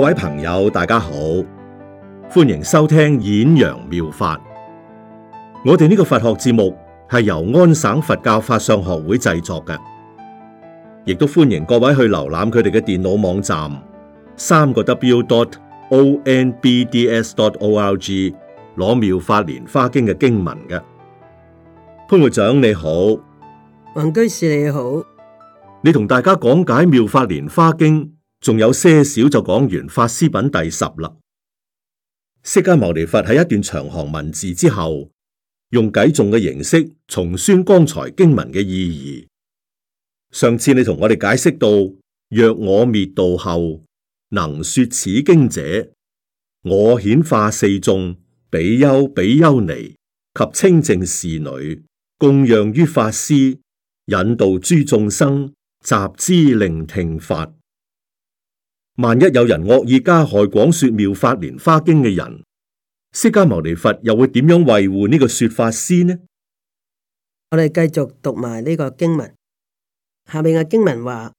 各位朋友，大家好，歡迎收聽演揚妙，妙法。我哋呢個佛學節目係由安省佛教法相學會製作嘅，亦都歡迎各位去瀏覽佢哋嘅電腦網站，三個 w dot o n b d s dot o r g 攞妙法蓮花經嘅經文嘅。潘會長你好，黃居士你好，你同大家講解妙法蓮花經。.仲有些少就講完《法師品》第十啦。釋迦牟尼佛喺一段長行文字之後，用偈頌嘅形式重宣剛才經文嘅意義。上次你同我哋解釋到，若我滅度後，能說此經者，我遣化四眾，比丘、比丘尼及清淨侍女，供養於法師，引導諸眾生集之聆聽法。萬一有人惡意加害廣說妙法蓮花經嘅人，釋迦牟尼佛又會點樣維護呢個說法師呢？我哋繼續讀埋呢個經文，下面嘅經文話：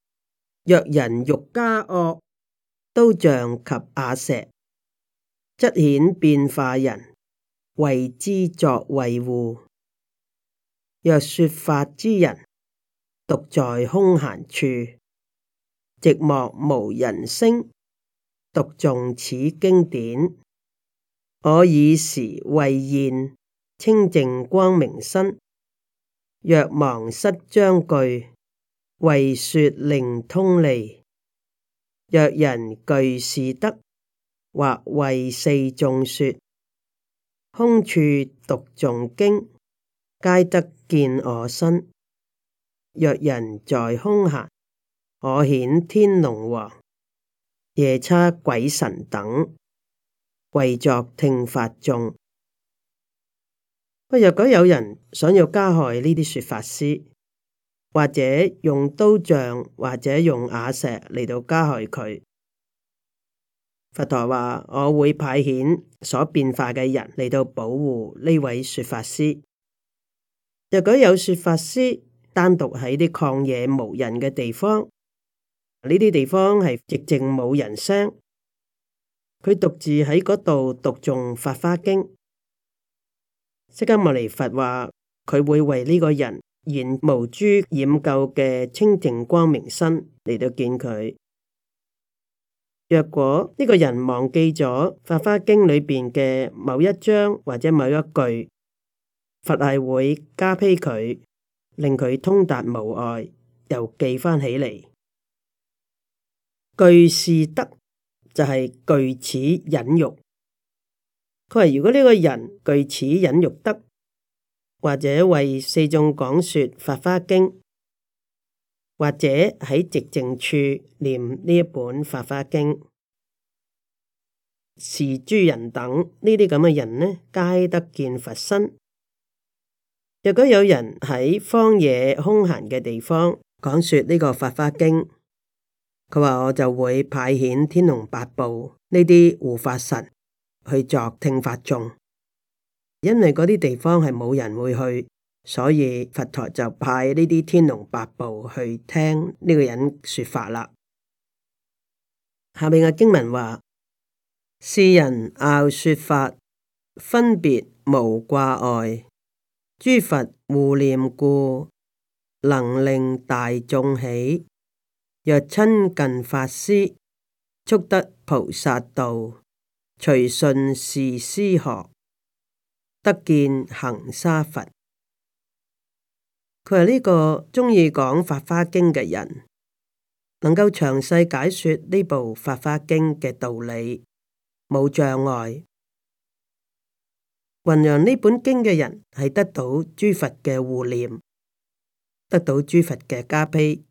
若人欲加惡，都像及阿石，即顯變化人為之作維護。若說法之人，獨在空閒處。寂寞無人聲，讀誦此經典。我爾時為現，清淨光明身。若忘失章句，為説令通利。若人具是德，或為四眾説。空處讀誦經，皆得見我身。若人在空閒，可遣天龍王、夜叉、鬼神等為作聽法眾。若果有人想要加害呢啲說法師，或者用刀杖，或者用瓦石嚟到加害佢，佛陀話，我會派遣所變化嘅人嚟到保護呢位說法師。若果有說法師單獨喺啲曠野無人嘅地方，呢啲地方係寂靜冇人聲，佢獨自喺嗰度讀誦《法華經》，釋迦牟尼佛話佢會為呢個人現無諸掩舊嘅清淨光明身嚟到見佢。若果呢個人忘記咗《法華經》裏邊嘅某一章或者某一句，佛係會加被佢，令佢通達無礙，又記返起嚟。具是德就係、是、具此忍辱。佢話如果呢個人具此忍辱德，或者為四眾講說《法華經》，或者喺寂靜處念呢一本《法華經》，是諸人等呢啲咁嘅人呢，皆得見佛身。若果有人喺荒野空閒嘅地方講說呢個《法華經》。佢話我就會派遣天龍八部呢啲護法神去作聽法眾，因為嗰啲地方係冇人會去，所以佛陀就派呢啲天龍八部去聽呢個人說法啦。下面嘅經文話：是人樂說法，分別無掛礙，諸佛護念故，能令大眾喜。若親近法師，速得菩薩道；隨順事師學，得見行沙佛。佢係呢個鍾意講《法華經》嘅人，能夠詳細解說呢部《法華經》嘅道理，冇障礙。弘揚呢本經嘅人，係得到諸佛嘅護念，得到諸佛嘅加披。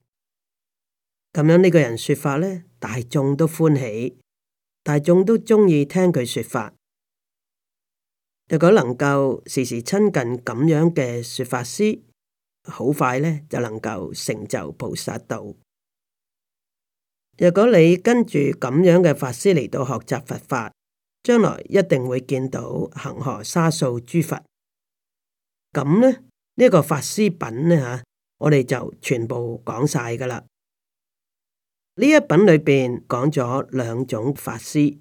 咁樣呢個人說法咧，大眾都歡喜，大眾都中意聽佢說法。如果能夠時時親近咁樣嘅說法師，好快咧就能夠成就菩薩道。如果你跟住咁樣嘅法師嚟到學習佛法，將來一定會見到恒河沙數諸佛。咁咧呢，呢個法師品咧吓，啊，我哋就全部講晒噶啦。呢一品裏面講咗兩種法師，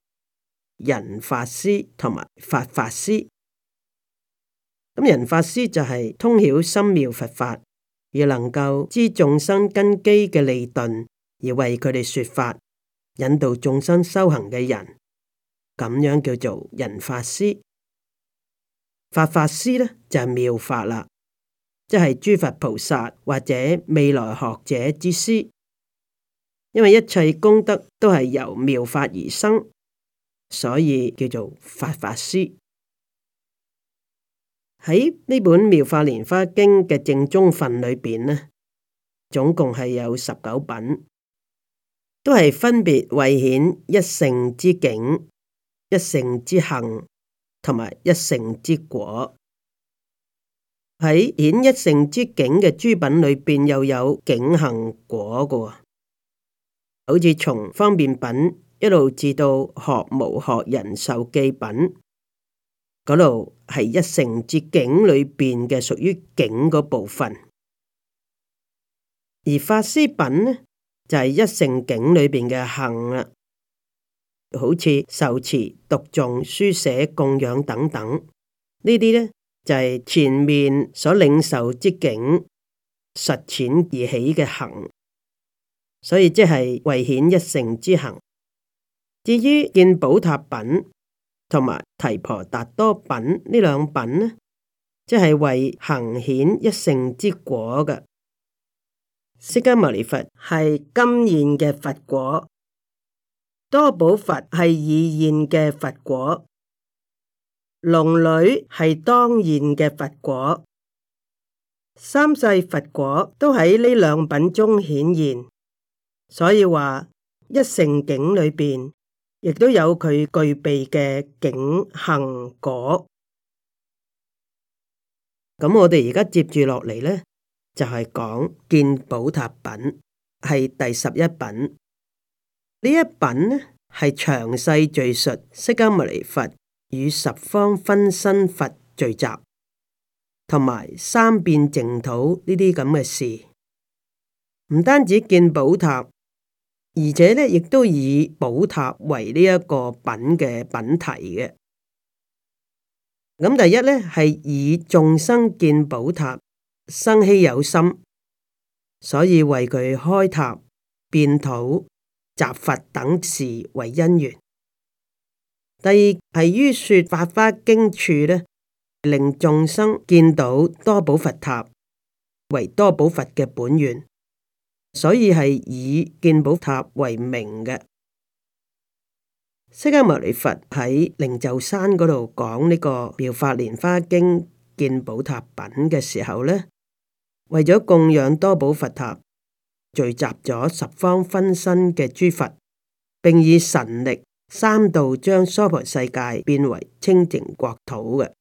人法師同埋法法師。咁人法師就係通曉深妙佛法，而能夠知眾生根基嘅利鈍，而為佢哋說法，引導眾生修行嘅人，咁樣叫做人法師。法法師咧就係、是、妙法啦，即係諸佛菩薩或者未來學者之師。因為一切功德都係由妙法而生，所以叫做法法師。喺呢本妙法蓮花經嘅正宗份裏邊呢，總共係有十九品，都係分別為顯一乘之境、一乘之行同埋一乘之果。喺顯一乘之境嘅諸品裏邊，又有境、行、果嘅。好似從方便品一路至到學無學人受記品嗰度，係一乘之境裏邊嘅屬於境嗰部分，而法師品呢就係、是、一乘境裏邊嘅行啦，好似受持讀誦書寫供養等等呢啲呢就係、是、前面所領受之境實踐而起嘅行。所以即係為顯一乘之行。至於見寶塔品同埋提婆達多品，兩品呢兩品咧，即係為行顯一乘之果嘅。釋迦牟尼佛係今現嘅佛果，多寶佛係已現嘅佛果，龍女係當現嘅佛果，三世佛果都喺呢兩品中顯現。所以話一乘境裏邊亦都有佢具備嘅境行果。咁、嗯、我哋而家接住落嚟咧，就係講見寶塔品係第十一品。呢一品呢係詳細敘述釋迦牟尼佛與十方分身佛聚集，同埋三變淨土呢啲咁嘅事。唔單止見寶塔。而且呢，亦都以寶塔為呢一個品嘅品題嘅。咁、嗯、第一呢，係以眾生見寶塔生希有心，所以為佢開塔、變土、集佛等事為因緣。第二，係於說法花經處咧，令眾生見到多寶佛塔，為多寶佛嘅本願。所以係以見寶塔為名嘅。釋迦牟尼佛喺靈鷲山嗰度講呢個妙法蓮華經見寶塔品嘅時候咧，為咗供養多寶佛塔，聚集咗十方分身嘅諸佛，並以神力三度將娑婆世界變為清淨國土嘅。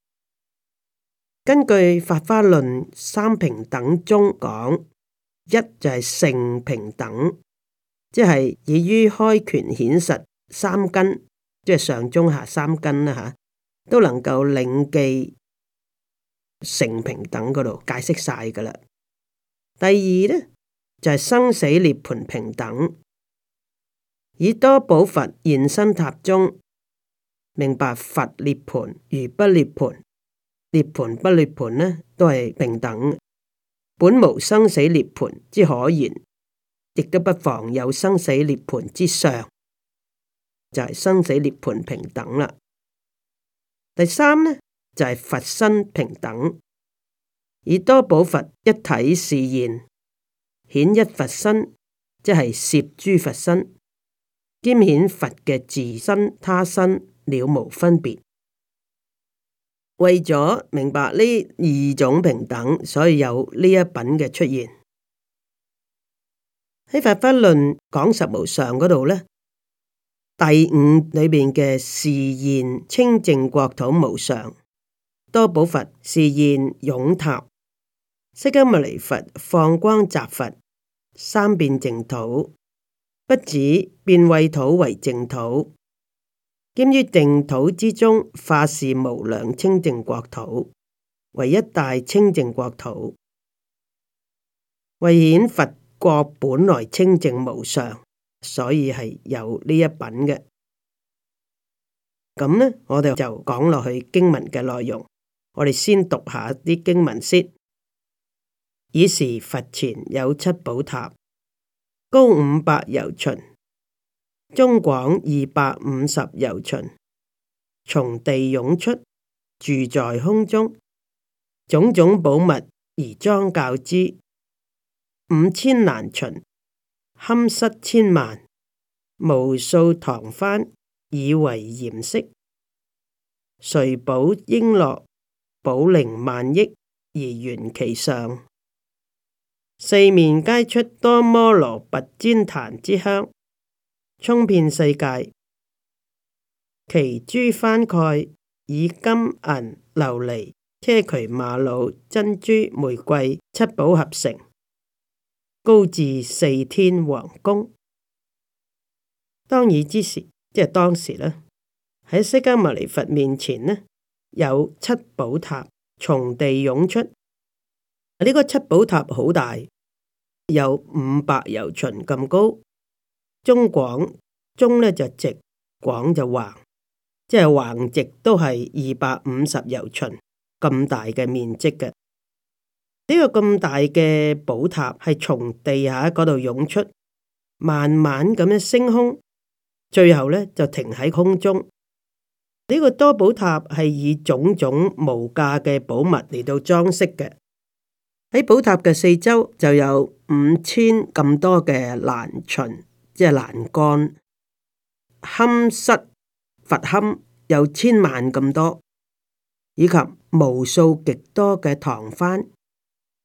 根據《法華論》三平等中講。一就係性平等，即係以於開權顯實三根，即係上中下三根啦吓、啊，都能夠領記性平等嗰度解釋晒㗎喇。第二呢，就係、是、生死涅槃平等，以多寶佛現身塔中，明白佛涅槃如不涅槃，涅槃不涅槃呢，都係平等。本無生死涅槃之可言，亦都不妨有生死涅槃之相，就係、是、生死涅槃平等啦。第三呢，就係、是、佛身平等，以多寶佛一體示現，顯一佛身，即係攝諸佛身，兼顯佛嘅自身他身了無分別。為咗明白呢二種平等，所以有呢一品嘅出現。喺《佛法花論》講十無上嗰度咧，第五裏面嘅示現清淨國土無上，多寶佛示現湧塔，釋迦牟尼佛放光集佛，三變淨土，不止變穢土為淨土。兼於淨土之中，化是無量清淨國土，為一大清淨國土，為顯佛國本來清淨無常，所以係有呢一品嘅。咁呢，我哋就講落去經文嘅內容。我哋先讀一下啲經文先。爾時佛前有七寶塔，高五百由旬。中廣二百五十游巡，從地湧出，住在空中，種種寶物而裝教之，五千難尋，堪失千萬，無數唐番以為閻識，隨寶瓔珞寶靈萬億而圓其上，四面皆出多摩羅拔旃檀之香。充遍世界，其珠翻蓋，以金銀琉璃、車渠馬瑙、珍珠玫瑰七寶合成，高至四天王宮。當以之時，即係當時啦，喺釋迦牟尼佛面前呢，有七寶塔從地湧出。呢、啊這個七寶塔好大，有五百由旬咁高。縱廣，縱咧就直，廣就橫，即係橫直都係二百五十由旬咁大嘅面積嘅。呢、這個咁大嘅寶塔係從地下嗰度湧出，慢慢咁樣升空，最後咧就停喺空中。呢、這個多寶塔係以種種無價嘅寶物嚟到裝飾嘅。喺寶塔嘅四周就有五千咁多嘅欄楯。即係欄杆、龕室、佛龕有千萬咁多，以及無數極多嘅幢幡，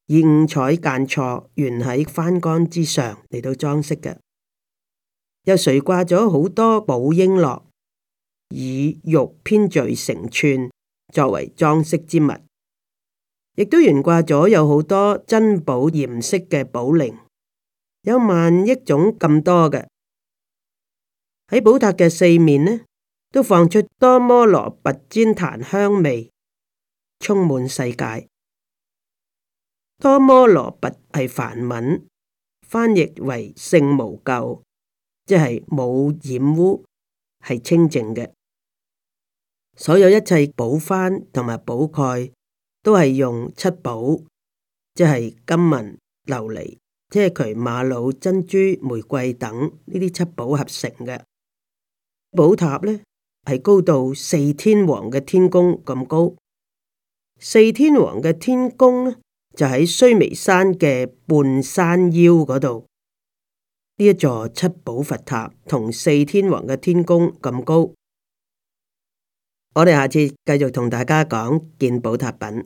以五彩間錯懸喺幡杆之上嚟到裝飾嘅，又垂掛咗好多寶瓔珞，以玉編綴成串作為裝飾之物，亦都懸掛咗有好多珍寶嚴飾嘅寶鈴。有萬億種咁多嘅，喺寶塔嘅四面呢，都放出多摩羅拔栴檀香味，充滿世界。多摩羅拔係梵文，翻譯為聖無垢，即係冇染污，係清淨嘅。所有一切寶幡同埋寶蓋都係用七寶，即係金文琉璃。即係渠、瑪瑙、珍珠、玫瑰等呢啲七寶合成嘅寶塔咧，係高到四天王嘅天宮咁高。四天王嘅天宮咧就喺須彌山嘅半山腰嗰度。呢一座七寶佛塔同四天王嘅天宮咁高。我哋下次繼續同大家講見寶塔品。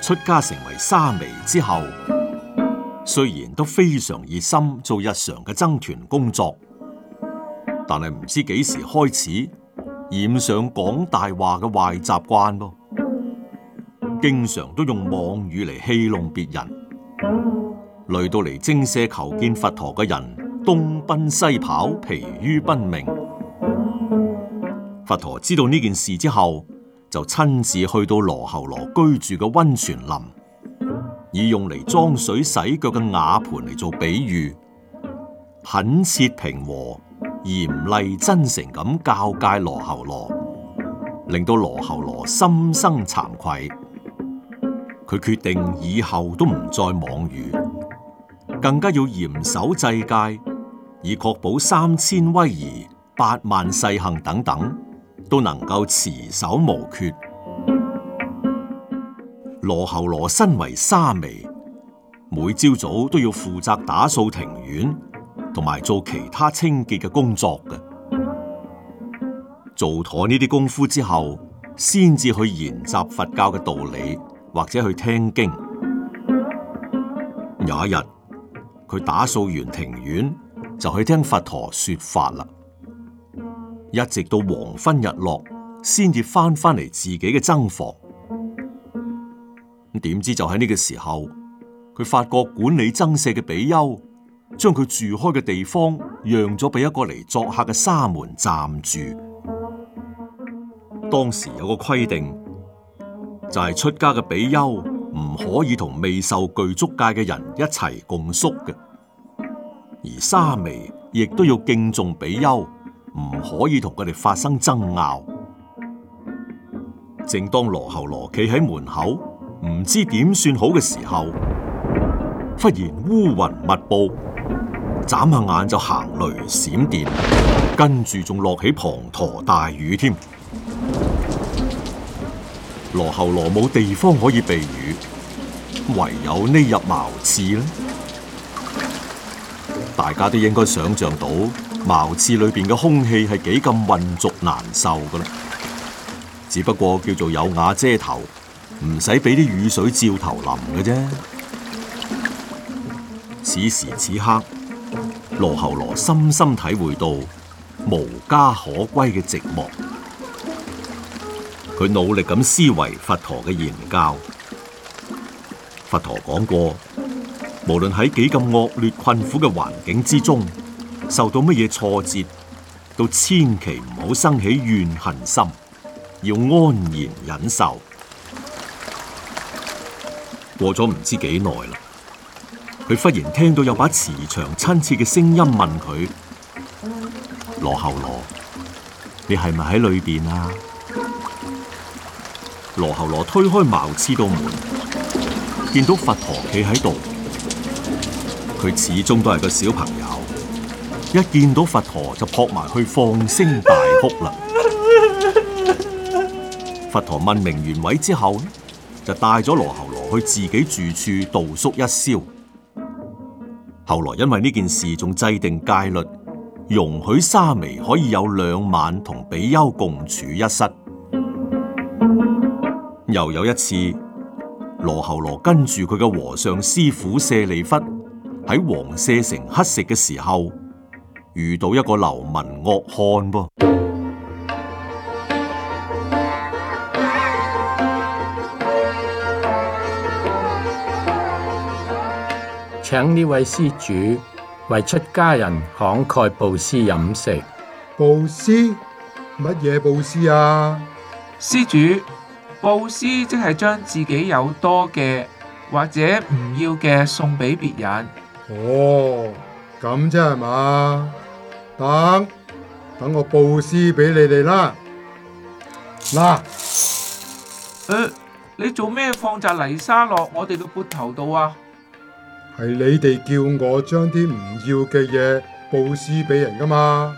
出家成為沙彌之後，雖然都非常熱心做日常嘅僧團工作，但係唔知幾時開始染上講大話嘅壞習慣，經常都用妄語嚟戲弄別人，累到嚟精舍求見佛陀嘅人東奔西跑，疲於奔命。佛陀知道呢件事之後，就親自去到羅睺羅居住嘅溫泉林，以用嚟裝水洗腳嘅瓦盆嚟做比喻，懇切平和、嚴厲、真誠咁教誡羅睺羅，令到羅睺羅心生慚愧。佢決定以後都唔再妄語，更加要嚴守制戒，以確保三千威儀、八萬細行等等。都能夠持守無缺。羅睺羅身為沙彌，每朝早都要負責打掃庭院同埋做其他清潔嘅工作嘅。做妥呢啲功夫之後，先至去研習佛教嘅道理，或者去聽經。有一日，佢打掃完庭院，就去聽佛陀說法啦。一直到黃昏日落，先至翻返嚟自己嘅僧房。咁點知就喺呢個時候，佢發覺管理僧舍嘅比丘將佢住開嘅地方讓咗俾一個嚟作客嘅沙門暫住。當時有個規定，就係出家嘅比丘唔可以同未受具足戒嘅人一齊共宿嘅，而沙彌亦都要敬重比丘。唔可以同佢哋發生爭拗。正當羅睺羅企喺門口，唔知點算好嘅時候，忽然烏雲密布，眨下眼就行雷閃電，跟住仲落起滂沱大雨添。羅睺羅冇地方可以避雨，唯有匿入茅廁啦。大家都應該想象到。茅廁裏邊嘅空氣係幾咁混濁難受㗎喇，只不過叫做有瓦遮頭，唔使俾啲雨水照頭淋嘅啫。此時此刻，羅睺羅深深體會到無家可歸嘅寂寞。佢努力咁思維佛陀嘅言教。佛陀講過，無論喺幾咁惡劣、困苦嘅環境之中，受到乜嘢挫折，都千祈唔好生起怨恨心，要安然忍受。過咗唔知幾耐啦，佢忽然聽到有把慈祥親切嘅聲音問佢，羅睺羅，你係咪喺裏邊啊？羅睺羅推開茅廁道門，見到佛陀企喺度，佢始終都係個小朋友。一見到佛陀就撲埋去放聲大哭啦！ 佛陀問明原委之後，就帶咗羅睺羅去自己住處度宿一宵。後來因為呢件事，仲制定戒律，容許沙彌可以有兩晚同比丘共處一室。又有一次，羅睺羅跟住佢嘅和尚師傅舍利弗喺王舍城乞食嘅時候。遇到一個流民惡漢噃，請呢位施主為出家人慷慨布施飲食。布施？乜嘢布施啊？施主，布施即係將自己有多嘅或者唔要嘅送俾別人。哦，咁啫係嘛？等等，等我布施俾你哋啦。嗱、啊，誒、呃，你做咩放紮泥沙落我哋嘅缽頭度啊？係你哋叫我將啲唔要嘅嘢布施俾人噶嘛？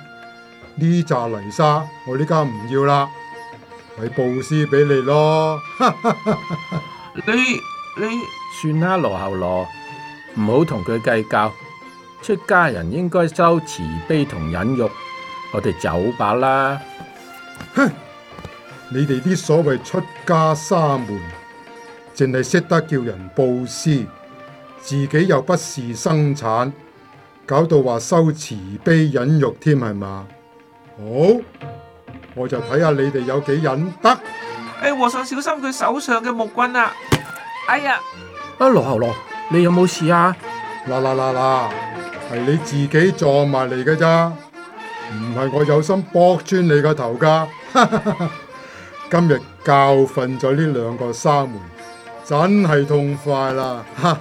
呢紮泥沙我呢家唔要啦，咪布施俾你咯。 你你算啦，羅睺羅，唔好同佢計較。出家人應該修慈悲同忍辱，我哋走吧啦！哼，你哋啲所謂出家沙門，淨係識得叫人布施，自己又不事生產，搞到話修慈悲忍辱添係嘛？好，我就睇下你哋有幾忍得。哎，和尚小心佢手上嘅木棍啊！哎呀，阿羅睺羅，你有冇事啊？嗱嗱嗱嗱。係你自己撞埋嚟嘅咋，唔係我有心駁穿你個頭噶。今日教訓咗呢兩個沙門，真係痛快啦！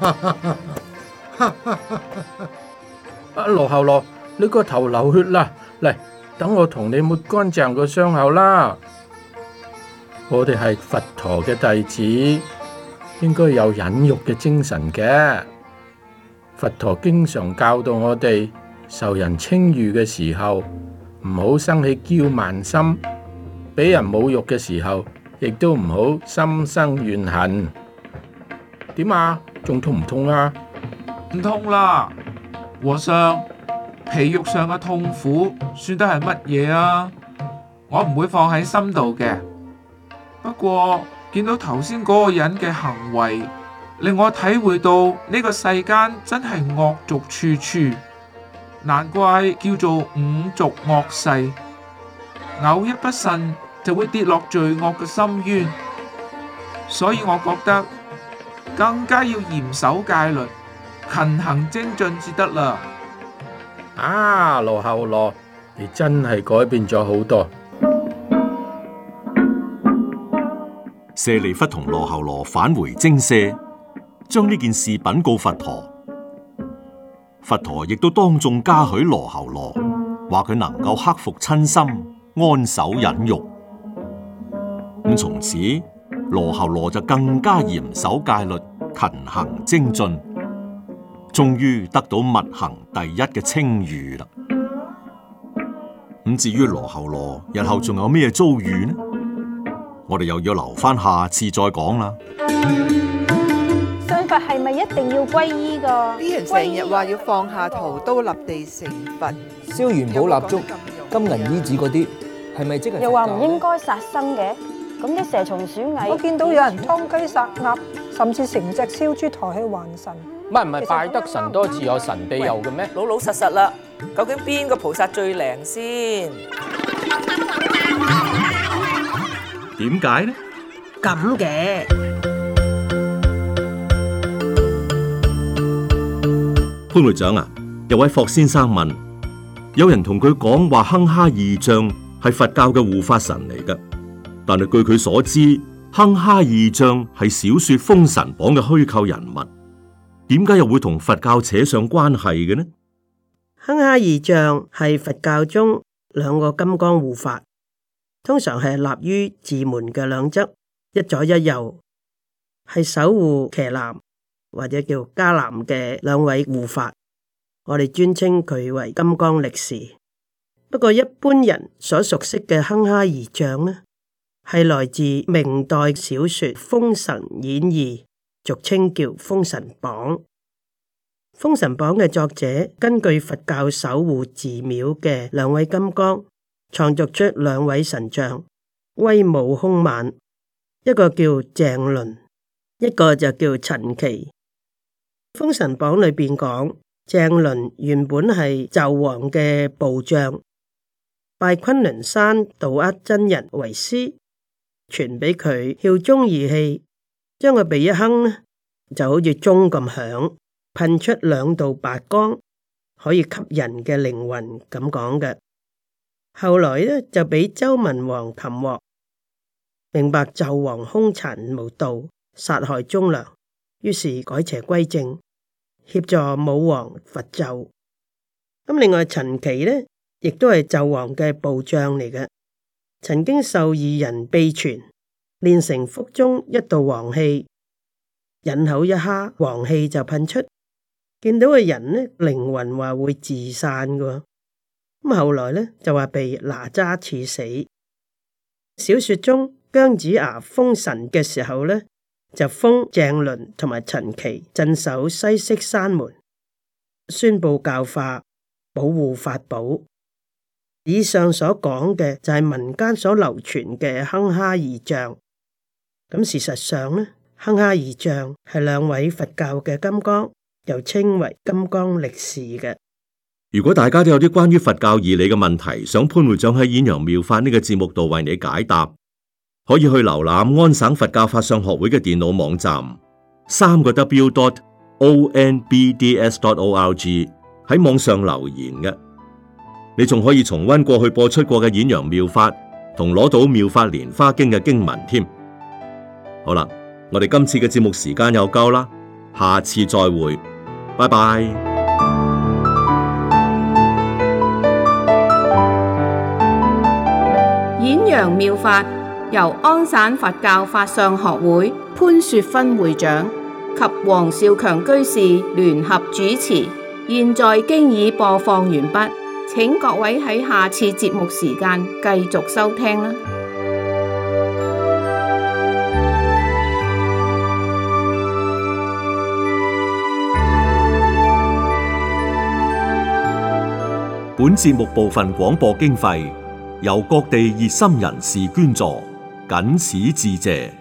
啊，羅睺羅，你個頭流血啦，嚟等我同你抹乾淨個傷口啦。我哋係佛陀嘅弟子，應該有忍辱嘅精神嘅。佛陀經常教導我哋，受人稱譽嘅時候唔好生起驕慢心，俾人侮辱嘅時候亦都唔好心生怨恨。點啊？仲痛唔痛啊？唔痛啦，和尚，皮肉上嘅痛苦算得係乜嘢啊？我唔會放喺心度嘅。不過見到頭先嗰個人嘅行為。令我體會到呢個世間真係惡俗處處，難怪叫做五濁惡世。偶一不慎，就會跌落罪惡嘅深淵。所以我覺得更加要嚴守戒律，勤行精進，至得啦。啊，羅睺羅，你真係改變咗好多。舍利弗同羅睺羅返回精舍。將呢件事禀告佛陀，佛陀亦都當眾嘉許羅睺羅，話佢能夠克服親心，安守忍辱。咁從此羅睺羅就更加嚴守戒律，勤行精進，終於得到密行第一嘅清譽啦。咁至於羅睺羅日後仲有咩遭遇呢？我哋又要留翻下，下次再講啦。佛係咪一定要皈依噶？成日話要放下屠刀立地成佛，燒元寶蠟燭、金銀衣紙嗰啲，係咪即係？又話唔應該殺生嘅，咁啲蛇蟲鼠蟻，我見到有人劏雞殺鴨，甚至成隻燒豬抬去還神。唔係唔係，拜得神多自有神庇佑嘅咩？老老實實啦，究竟邊個菩薩最靈先？點解呢？咁嘅。張隊長啊，有位霍先生問，有人同佢講話哼哈二將係佛教嘅護法神嚟㗎，但係據佢所知，哼哈二將係小說《封神榜》嘅虛構人物，點解又會同佛教扯上關係嘅呢？哼哈二將係佛教中兩個金剛護法，通常係立於寺門嘅兩側，一左一右，係守護伽藍。或者叫迦南嘅兩位護法，我哋尊稱佢為金剛力士。不過一般人所熟悉嘅哼哈二將呢，係來自明代小說《封神演義》，俗稱叫《封神榜》。《封神榜》嘅作者根據佛教守護寺廟嘅兩位金剛，創作出兩位神將，威武凶猛。一個叫鄭倫，一個就叫陳奇。《封神榜》裏面講，鄭倫原本係紂王嘅部將，拜崑崙山度厄真人為師，傳俾佢竅中二氣，將佢鼻一哼，就好似鐘咁響，噴出兩道白光，可以吸人嘅靈魂咁講嘅。後來呢，就俾周文王擒獲，明白紂王凶殘無道，殺害忠良。於是改邪歸正，協助武王伐紂。咁另外，陳奇呢亦都係紂王嘅部將嚟嘅。曾經受二人秘傳，練成腹中一道黃氣，人口一下，黃氣就噴出，見到嘅人呢，靈魂話會自散噶。咁後來呢，就話被哪吒刺死。小說中姜子牙封神嘅時候呢，就封鄭倫同埋陳奇鎮守西式山門，宣布教化、保護法寶。以上所講嘅就係民間所流傳嘅哼哈二將。咁事實上咧，哼哈二將係兩位佛教嘅金剛，又稱為金剛力士嘅。如果大家都有啲關於佛教義理嘅問題，想潘會長喺《演陽妙法》呢個節目度為你解答。可以去瀏覽安省佛教法相學會嘅電腦網站，三個 w dot o n b d s dot o r g 喺網上留言嘅。你仲可以重溫過去播出過嘅《演揚妙法》同攞到《妙法蓮花經》嘅經文添。好啦，我哋今次嘅節目時間又夠啦，下次再會，拜拜。演揚妙法。由安省佛教法相學會潘雪芬會長及黃少強居士聯合主持，現在經已播放完畢，請各位喺下次節目時間繼續收聽啦。本節目部分廣播經費由各地熱心人士捐助。僅此致謝。